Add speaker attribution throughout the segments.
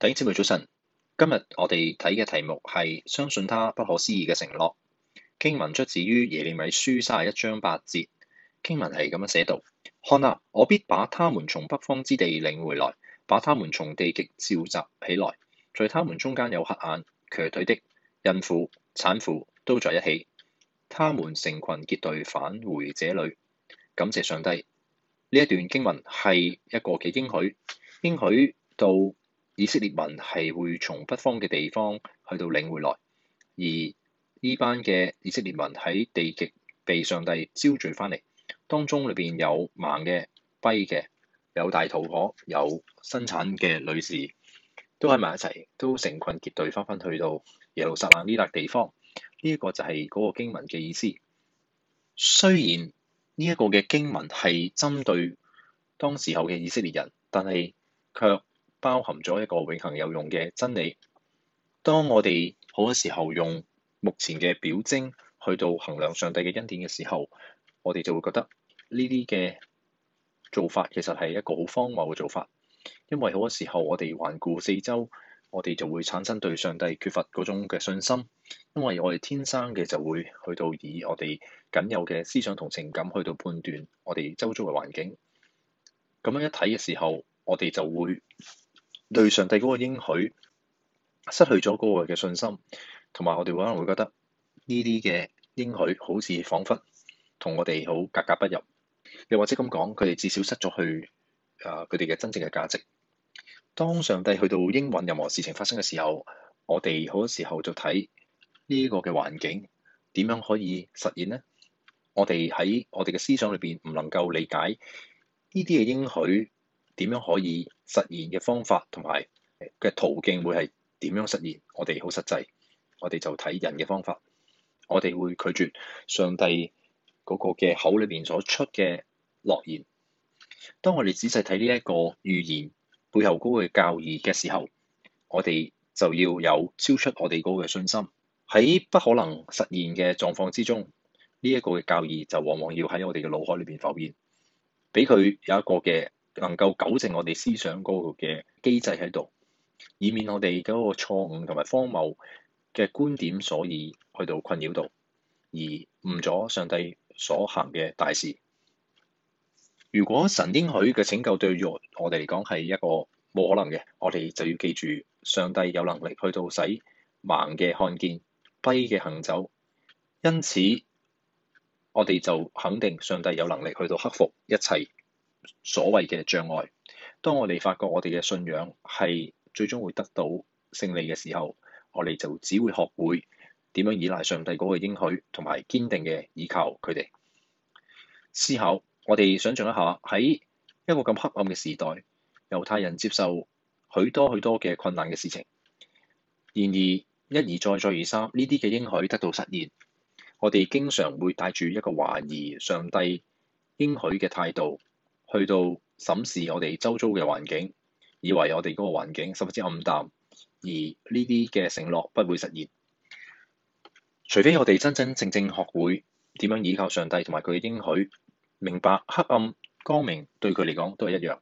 Speaker 1: 弟兄姊妹早晨，今日我哋睇嘅題目係相信他不可思議嘅承諾。經文出自於耶利米書卅一章八節，經文係咁樣寫道，看啊，我必把他們從北方之地領回來，把他們從地極召集起來，在他們中間有瞎眼、瘸腿的、孕婦、產婦都在一起，他們成群結隊返回這裏，感謝上帝。呢一段經文係一個嘅應許，應許到。以色列民係會從北方嘅地方去到領回來，而呢班嘅以色列民喺地極被上帝招聚翻嚟，當中裏邊有盲嘅、跛嘅、有大肚婆、有生產嘅女士，都喺埋一齊，都成群結隊，翻返去到耶路撒冷呢笪地方，呢、這、一個就係嗰個經文嘅意思。雖然呢一、這個嘅經文係針對當時候嘅以色列人，但係卻，包含咗一個永恆有用嘅真理。當我哋好多時候用目前嘅表徵去到衡量上帝嘅恩典嘅時候，我哋就會覺得呢啲嘅做法其實係一個好荒謬嘅做法。因為好多時候我哋環顧四周，我哋就會產生對上帝缺乏嗰種嘅信心。因為我哋天生嘅就會去到以我哋僅有嘅思想同情感去到判斷我哋周遭嘅環境。咁樣一睇嘅時候，我哋就會，對上帝嗰個應許失去咗嗰個嘅信心，同埋我哋可能會覺得呢啲嘅應許好似仿佛同我哋好格格不入。又或者咁講，佢哋至少失咗去啊佢哋嘅真正嘅價值。當上帝去到應允任何事情發生嘅時候，我哋好多時候就睇呢個嘅環境點樣可以實現呢？我哋喺我哋嘅思想裏邊唔能夠理解呢啲嘅應許點樣可以。實現嘅方法同埋嘅途徑會係點樣實現？我哋好實際，我哋就睇人嘅方法。我哋會拒絕上帝嗰個嘅口裏邊所出嘅諾言。當我哋仔細睇呢一個預言背後嗰個教義嘅時候，我哋就要有超出我哋嗰個信心喺不可能實現嘅狀況之中，呢、這、一個嘅教義就往往要喺我哋嘅腦海裏邊浮現，俾佢有一個嘅。能夠糾正我哋思想嗰個嘅機制喺度，以免我哋嗰個錯誤同埋荒謬嘅觀點，所以去到困擾到而誤咗上帝所行嘅大事。如果神應許嘅拯救對於我哋嚟講係一個冇可能嘅，我哋就要記住上帝有能力去到使盲嘅看見、跛嘅行走。因此我哋就肯定上帝有能力去到克服一切。所謂嘅障礙，當我哋發覺我哋嘅信仰係最終會得到勝利嘅時候，我哋就只會學會點樣依賴上帝嗰個應許，同埋堅定嘅依靠佢哋。思考，我哋想象一下，喺一個咁黑暗嘅時代，猶太人接受許多許多嘅困難嘅事情，然而一而再再而三呢啲嘅應許得到實現，我哋經常會帶住一個懷疑上帝應許嘅態度。去到審視我哋周遭嘅環境，以為我哋嗰個環境十分之暗淡，而呢啲嘅承諾不會實現，除非我哋真真正正正學會點樣倚靠上帝同埋佢嘅應許，明白黑暗光明對佢嚟講都係一樣。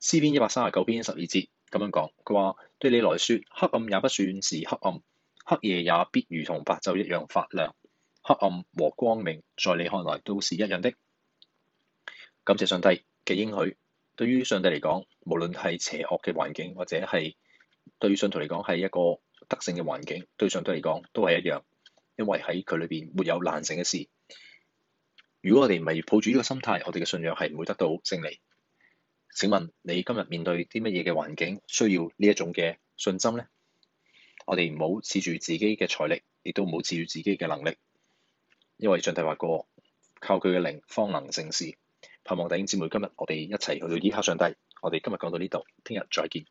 Speaker 1: 詩篇一百三十九篇十二節咁樣講，佢話：對你來説，黑暗也不算是黑暗，黑夜也必如同白晝一樣發亮，黑暗和光明在你看來都是一樣的。感謝上帝嘅應許。對於上帝嚟講，無論係邪惡嘅環境，或者係對信徒嚟講係一個得勝嘅環境，對上帝嚟講都係一樣。因為喺佢裏邊沒有難成嘅事。如果我哋唔係抱住呢個心態，我哋嘅信仰係唔會得到勝利。請問你今日面對啲乜嘢嘅環境，需要呢一種嘅信心呢？我哋唔好恃住自己嘅財力，亦都唔好恃住自己嘅能力，因為上帝話過：靠佢嘅靈方能成事。盼望弟兄姊妹，今日我哋一齊去到依靠上帝。我哋今日講到呢度，聽日再見。